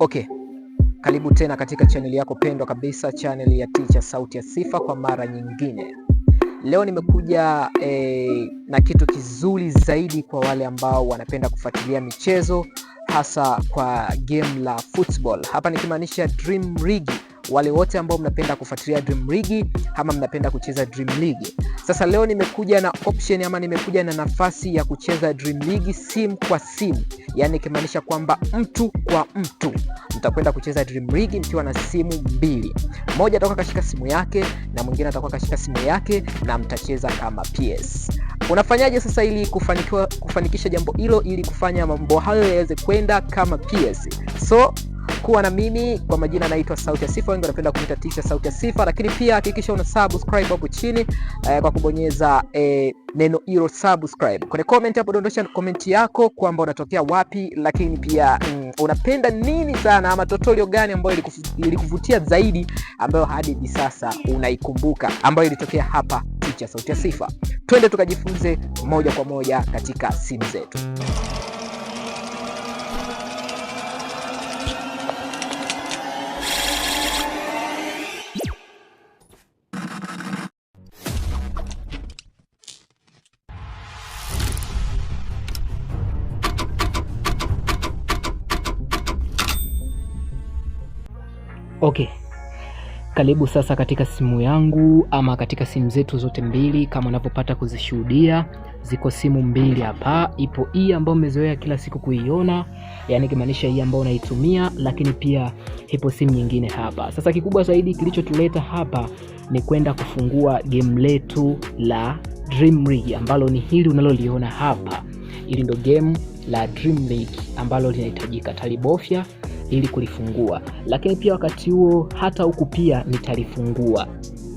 Okay. Karibu tena katika chaneli yako pendwa kabisa, chaneli ya Teacher Sauti ya Sifa kwa mara nyingine. Leo nimekuja eh, na kitu kizuri zaidi kwa wale ambao wanapenda kufuatilia michezo hasa kwa game la football. Hapa nikimaanisha Dream League wale wote ambao mnapenda kufuatilia Dream League ama mnapenda kucheza Dream League. Sasa leo nimekuja na option ama nimekuja na nafasi ya kucheza Dream League sim kwa sim, yani ikimaanisha kwamba mtu kwa mtu mtakwenda kucheza Dream League mkiwa na simu mbili, mmoja atakuwa kashika simu yake na mwingine atakuwa kashika simu yake, na mtacheza kama PS. Unafanyaje sasa ili kufanikiwa kufanikisha jambo hilo, ili kufanya mambo hayo yaweze kwenda kama PS? So kuwa na mimi kwa majina, naitwa Sauti ya Sifa, wengi wanapenda kuita tisha Sauti ya Sifa, lakini pia hakikisha una subscribe hapo chini eh, kwa kubonyeza eh, neno hilo subscribe. Kwenye comment hapo dondosha comment yako kwamba unatokea wapi, lakini pia mm, unapenda nini sana ama tutorial gani ambayo ilikuvutia zaidi ambayo hadi hivi sasa unaikumbuka ambayo ilitokea hapa Sauti ya Sifa. Twende tukajifunze moja kwa moja katika simu zetu. Okay, karibu sasa katika simu yangu ama katika simu zetu zote mbili, kama unavyopata kuzishuhudia, ziko simu mbili hapa. Ipo hii ambayo umezoea kila siku kuiona, yani kimaanisha hii ambayo unaitumia, lakini pia ipo simu nyingine hapa. Sasa kikubwa zaidi kilichotuleta hapa ni kwenda kufungua game letu la Dream League ambalo ni hili unaloliona hapa. Hili ndo game la Dream League ambalo linahitajika talibofya ili kulifungua, lakini pia wakati huo hata huku pia nitalifungua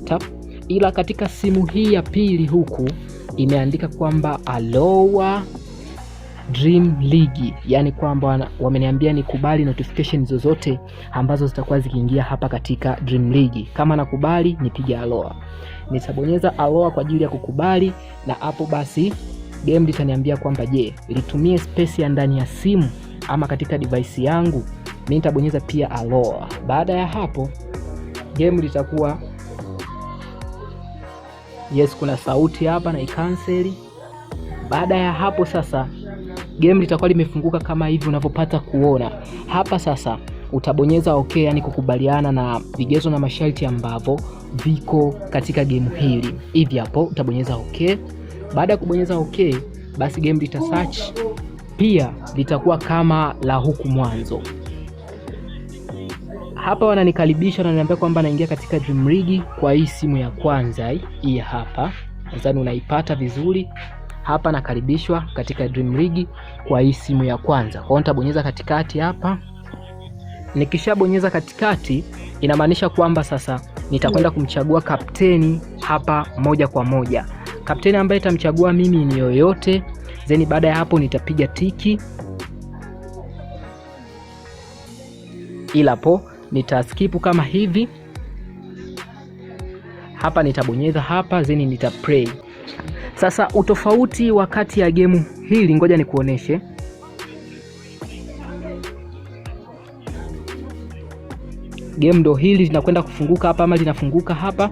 tap. Ila katika simu hii ya pili huku imeandika kwamba Aloha Dream League, yani kwamba wameniambia nikubali notification zozote ambazo zitakuwa zikiingia hapa katika Dream League. Kama nakubali nipige Aloha, nitabonyeza Aloha kwa ajili ya kukubali, na hapo basi game litaniambia kwamba je, litumie space ya ndani ya simu ama katika device yangu mi nitabonyeza pia aloa Baada ya hapo game litakuwa yes, kuna sauti hapa na ikanseli. Baada ya hapo sasa game litakuwa limefunguka kama hivi unavyopata kuona hapa. Sasa utabonyeza okay, yani kukubaliana na vigezo na masharti ambavyo viko katika game hili. Hivi hapo utabonyeza okay. Baada ya kubonyeza okay, basi game litasearch pia litakuwa kama la huku mwanzo. Hapa wananikaribisha na wananiambia kwamba naingia katika Dream League kwa hii simu ya kwanza hii hapa. Nadhani unaipata vizuri. Hapa nakaribishwa katika Dream League kwa hii simu ya kwanza. Kwa hiyo nitabonyeza katikati hapa. Nikishabonyeza katikati inamaanisha kwamba sasa nitakwenda kumchagua kapteni hapa moja kwa moja. Kapteni ambaye itamchagua mimi ni yoyote, zeni. baada ya hapo nitapiga tiki. Ila po nitaskipu kama hivi hapa, nitabonyeza hapa zeni, nitaplay. Sasa utofauti wa kati ya gemu hili, ngoja nikuoneshe. Game ndo hili linakwenda kufunguka hapa, ama linafunguka hapa.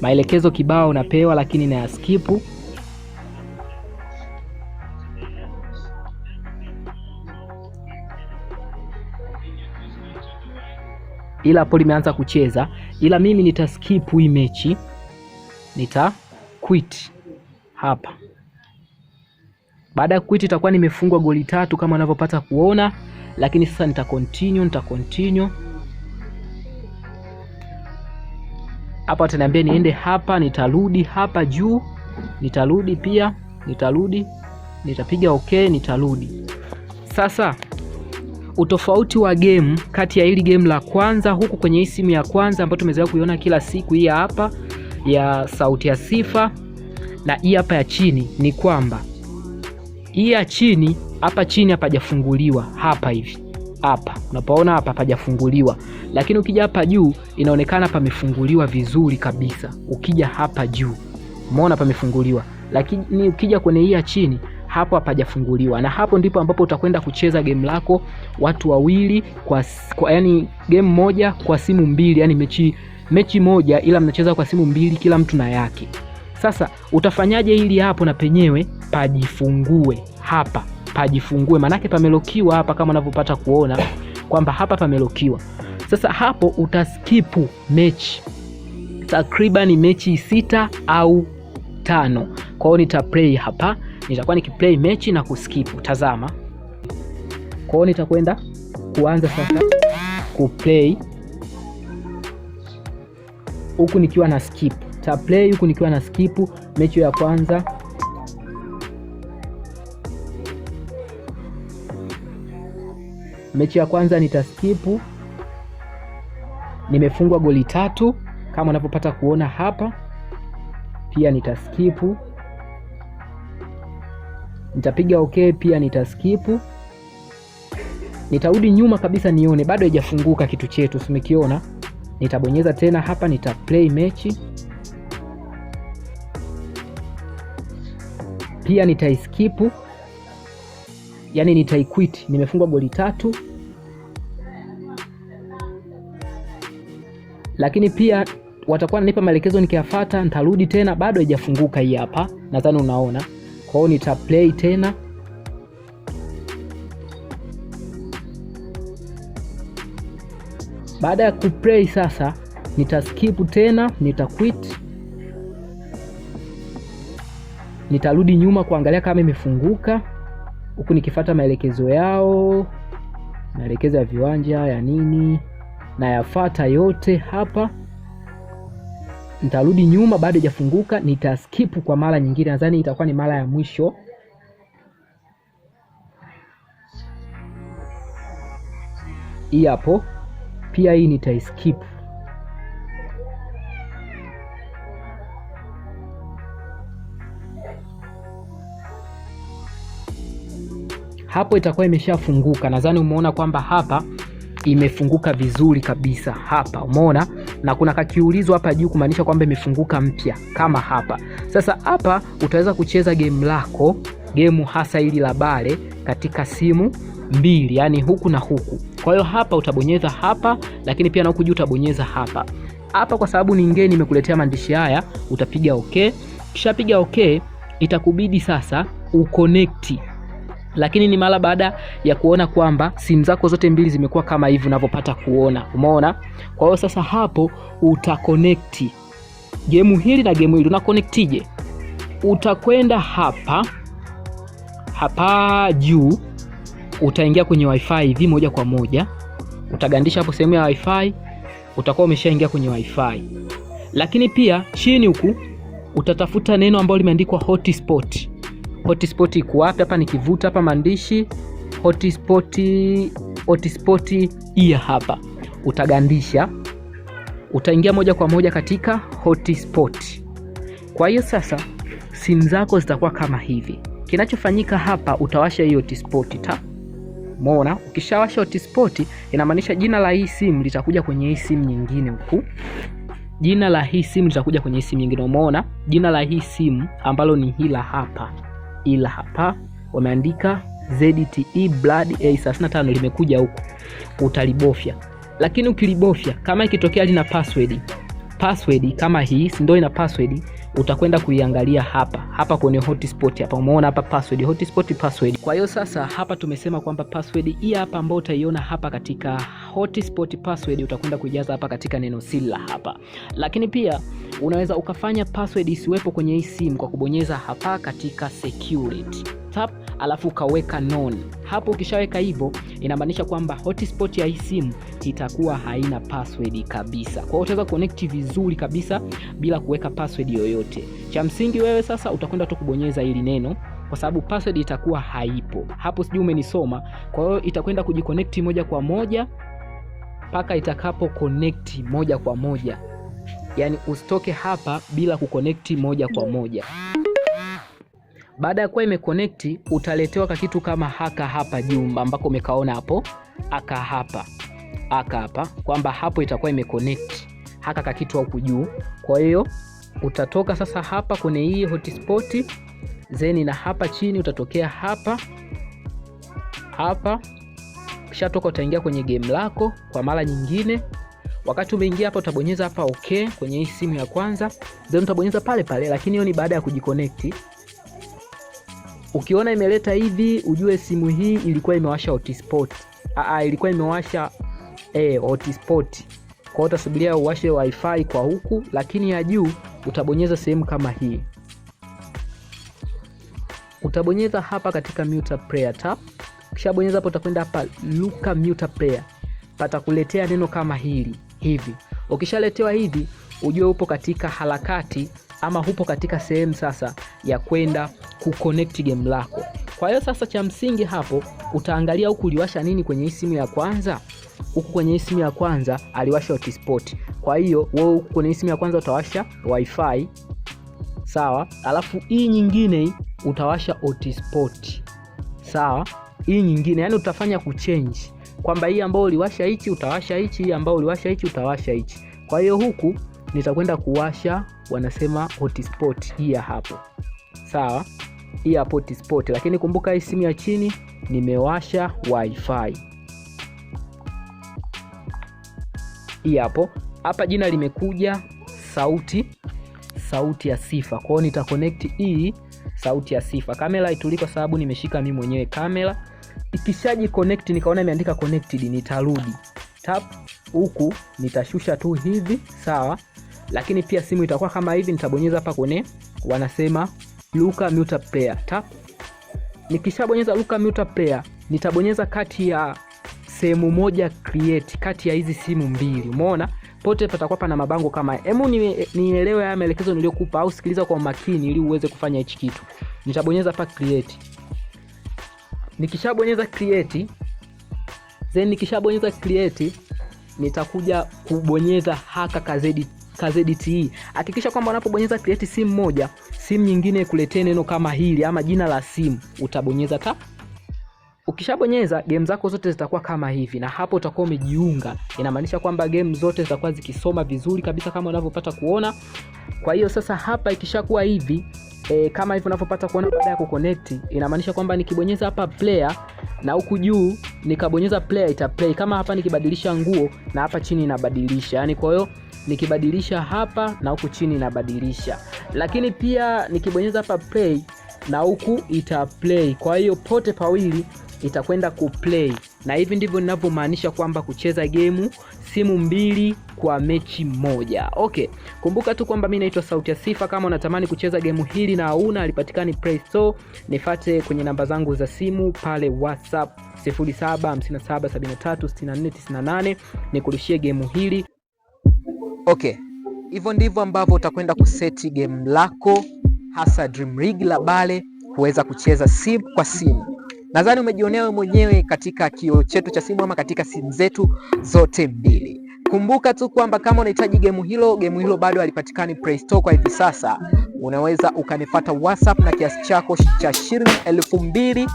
Maelekezo kibao unapewa, lakini na ya skipu ila hapo limeanza kucheza, ila mimi nita skip hii mechi, nita quit hapa. Baada ya quit itakuwa nimefungwa goli tatu kama unavyopata kuona, lakini sasa nita continue, nita continue hapa. Ataniambia niende hapa, nitarudi hapa juu, nitarudi pia, nitarudi, nitapiga okay, nitarudi sasa utofauti wa game kati ya hili game la kwanza huku kwenye hii simu ya kwanza ambayo tumezoea kuiona kila siku, hii hapa ya sauti ya sifa na hii hapa ya chini, ni kwamba hii ya chini hapa chini hapajafunguliwa hapa hivi hapa unapoona hapa hapajafunguliwa, lakini ukija hapa juu inaonekana pamefunguliwa vizuri kabisa. Ukija hapa juu umeona pamefunguliwa, lakini ukija kwenye hii ya chini hapo hapajafunguliwa, na hapo ndipo ambapo utakwenda kucheza game lako watu wawili kwa, kwa yani game moja kwa simu mbili, yani mechi mechi moja, ila mnacheza kwa simu mbili, kila mtu na yake. Sasa utafanyaje ili hapo na penyewe pajifungue? Hapa pajifungue, manake pamelokiwa hapa, kama unavyopata kuona kwamba hapa pamelokiwa. Sasa hapo utaskipu mechi takriban mechi sita au tano. Kwa hiyo nitaplay hapa nitakuwa nikiplay mechi na kuskip. Tazama, kwa nitakwenda kuanza sasa kuplay huku nikiwa na skip, ta play huku nikiwa na skip mechi ya kwanza mechi ya kwanza nitaskipu. Nimefungwa goli tatu kama unavyopata kuona hapa, pia nitaskipu nitapiga ok, pia nitaskipu, nitarudi nyuma kabisa nione, bado haijafunguka kitu chetu, simekiona. Nitabonyeza tena hapa, nita play mechi pia nitaiskipu, yani nitaiquit. Nimefungwa goli tatu, lakini pia watakuwa nanipa maelekezo nikiyafuata. Nitarudi tena, bado haijafunguka hii hapa, nadhani unaona. Kwa hiyo play tena baada ya kuplay sasa, skip tena, quit, nitarudi nyuma kuangalia kama imefunguka, huku nikifata maelekezo yao, maelekezo ya viwanja ya nini, na yote hapa nitarudi nyuma, bado hajafunguka, nitaskip kwa mara nyingine. Nadhani itakuwa ni mara ya mwisho. Hii hapo pia, hii nitaiskip. Hapo itakuwa imeshafunguka. Nadhani umeona kwamba hapa imefunguka vizuri kabisa. Hapa umeona na kuna kakiulizo hapa juu kumaanisha kwamba imefunguka mpya kama hapa. Sasa hapa utaweza kucheza game lako, gemu hasa hili la bale katika simu mbili, yani huku na huku. Kwa hiyo hapa utabonyeza hapa, lakini pia na huku juu utabonyeza hapa hapa. Kwa sababu ni ngeni, nimekuletea maandishi haya, utapiga okay. kishapiga okay, itakubidi sasa ukonekti lakini ni mara baada ya kuona kwamba simu zako zote mbili zimekuwa kama hivi unavyopata kuona. Umeona? Kwa hiyo sasa hapo utakonekti gemu hili na gemu hili, unakonektije? Utakwenda hapa hapa juu, utaingia kwenye wifi hivi moja kwa moja, utagandisha hapo sehemu ya wifi, utakuwa umeshaingia kwenye wifi. Lakini pia chini huku utatafuta neno ambalo limeandikwa hotspot Hotspot iko wapi? Hapa nikivuta hapa maandishi hotspot, hotspot hii hapa, utagandisha utaingia moja kwa moja katika hotspot. Kwa hiyo sasa simu zako zitakuwa kama hivi. Kinachofanyika hapa, utawasha hiyo hotspot ta Umeona, ukishawasha hotspot inamaanisha jina la hii simu litakuja kwenye hii simu nyingine huku. Jina la hii simu litakuja kwenye hii simu nyingine. Umeona, jina la hii simu ambalo ni hila hapa ila hapa wameandika ZTE Blood A35 limekuja huku, utalibofya. Lakini ukilibofya kama ikitokea lina password, password kama hii, si ndio ina password utakwenda kuiangalia hapa hapa kwenye hotspot hapa, umeona hapa password, hotspot password. Kwa hiyo sasa hapa tumesema kwamba password hii hapa ambayo utaiona hapa katika hotspot password utakwenda kuijaza hapa katika neno siri la hapa, lakini pia unaweza ukafanya password isiwepo kwenye hii simu kwa kubonyeza hapa katika security tap, alafu ukaweka none hapo. Ukishaweka hivyo, inamaanisha kwamba hotspot ya hii simu itakuwa haina password kabisa. Kwa hiyo utaweza connect vizuri kabisa bila kuweka password yoyote yoyote. Cha msingi wewe sasa utakwenda tu kubonyeza hili neno kwa sababu password itakuwa haipo hapo, sijui umenisoma. Kwa hiyo itakwenda kujiconnect moja kwa moja mpaka itakapo connect moja kwa moja, yaani usitoke hapa bila kuconnect moja kwa moja. Baada ya kuwa imeconnect, utaletewa ka kitu kama haka hapa juu, ambako umekaona hapo aka hapa aka hapa, kwamba hapo itakuwa imeconnect haka ka kitu huku juu, kwa hiyo Utatoka sasa hapa kwenye hii hotspot, zeni, na hapa chini utatokea hapa hapa, kisha toka utaingia kwenye game lako kwa mara nyingine. Wakati umeingia hapa, utabonyeza hapa okay kwenye hii simu ya kwanza, then utabonyeza pale pale, lakini hiyo ni baada ya kujiconnect. Ukiona imeleta hivi, ujue simu hii ilikuwa imewasha hotspot. Aa, ah, ah, ilikuwa imewasha eh, hotspot. Kwa hiyo utasubiria uwashe wifi kwa huku, lakini ya juu utabonyeza sehemu kama hii, utabonyeza hapa katika Muta Player tab, kisha bonyeza hapo, utakwenda hapa Luka Muta Player, patakuletea neno kama hili hivi. Ukishaletewa hivi, ujue upo katika harakati ama hupo katika sehemu sasa ya kwenda kuconnect game lako. Kwa hiyo sasa, cha msingi hapo utaangalia huku uliwasha nini kwenye hii simu ya kwanza huku kwenye simu ya kwanza aliwasha hotspot. Kwa hiyo wewe huku kwenye simu ya kwanza utawasha wifi, sawa, alafu hii nyingine utawasha hotspot, sawa. Hii nyingine yani utafanya kuchange kwamba hii ambayo uliwasha hichi utawasha hichi, hii ambayo uliwasha hichi utawasha hichi. Kwa hiyo huku nitakwenda kuwasha wanasema hotspot hii hapo, sawa, hii hapo hotspot, lakini kumbuka hii simu ya chini nimewasha wifi. hii hapo. Hapa jina limekuja sauti, sauti ya sifa. kwao nita connect hii sauti ya sifa. Kamera ituli kwa sababu nimeshika mimi mwenyewe kamera. Ikishaji connect nikaona imeandika connected, nitarudi tap huku, nitashusha tu hivi, sawa. Lakini pia simu itakuwa kama hivi, nitabonyeza hapa kwenye wanasema Luka Muta Player tap. Nikishabonyeza Luka Muta Player nitabonyeza kati ya sehemu moja create kati ya hizi simu mbili. Umeona? Pote patakuwa pana mabango kama haya. Hebu nielewe haya maelekezo niliyokupa au sikiliza kwa makini ili uweze kufanya hichi kitu. Nitabonyeza hapa create. Nikishabonyeza create, then nikishabonyeza create nitakuja kubonyeza haka kazedi KZDTE. Hakikisha kwamba unapobonyeza create simu moja, simu nyingine ikuletee neno kama hili ama jina la simu, utabonyeza tap Ukishabonyeza game zako zote zitakuwa kama hivi, na hapo utakuwa umejiunga. Inamaanisha kwamba game zote zitakuwa zikisoma vizuri kabisa kama unavyopata kuona. Kwa hiyo sasa hapa ikishakuwa hivi e, kama hivi unavyopata kuona baada ya kuconnect, inamaanisha kwamba nikibonyeza hapa player na huku juu nikabonyeza player ita play. Kama hapa nikibadilisha nguo na hapa chini inabadilisha, yani kwa hiyo nikibadilisha hapa na huku chini inabadilisha, lakini pia nikibonyeza hapa play na huku ita play. Kwa hiyo pote pawili itakwenda kuplay, na hivi ndivyo ninavyomaanisha kwamba kucheza gemu simu mbili kwa mechi moja. Okay, kumbuka tu kwamba mimi naitwa Sauti ya Sifa. Kama unatamani kucheza gemu hili na hauna, alipatikani Play Store. Nifate kwenye namba zangu za simu pale WhatsApp 0757736498 nikurushie gemu hili. Okay, hivyo ndivyo ambavyo utakwenda kuseti game lako hasa Dream League la Bale kuweza kucheza simu kwa simu. Nadhani umejionea wewe mwenyewe katika kioo chetu cha simu ama katika simu zetu zote mbili. Kumbuka tu kwamba kama unahitaji gemu hilo, gemu hilo bado halipatikani Play Store kwa hivi sasa. Unaweza ukanifata WhatsApp na kiasi chako cha shilingi elfu mbili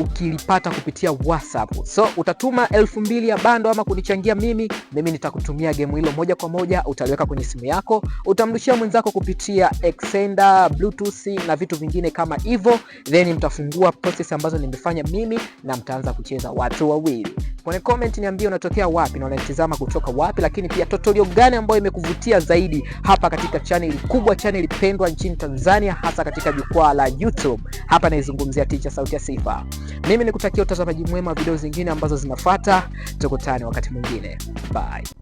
ukilipata kupitia WhatsApp. So utatuma elfu mbili ya bando ama kunichangia mimi, mimi nitakutumia gemu hilo moja kwa moja, utaliweka kwenye simu yako, utamrushia mwenzako kupitia extender, bluetooth na vitu vingine kama hivyo, then mtafungua process ambazo nimefanya mimi na mtaanza kucheza watu wawili. Kwenye comment niambie unatokea wapi na unanitazama kutoka wapi, lakini pia tutorial gani ambayo imekuvutia zaidi hapa katika channel kubwa, channel pendwa nchini Tanzania, hasa katika jukwaa la YouTube. Hapa naizungumzia Teacher Sauti ya Sifa. Mimi nikutakia utazamaji mwema wa video zingine ambazo zinafuata. Tukutane wakati mwingine, bye.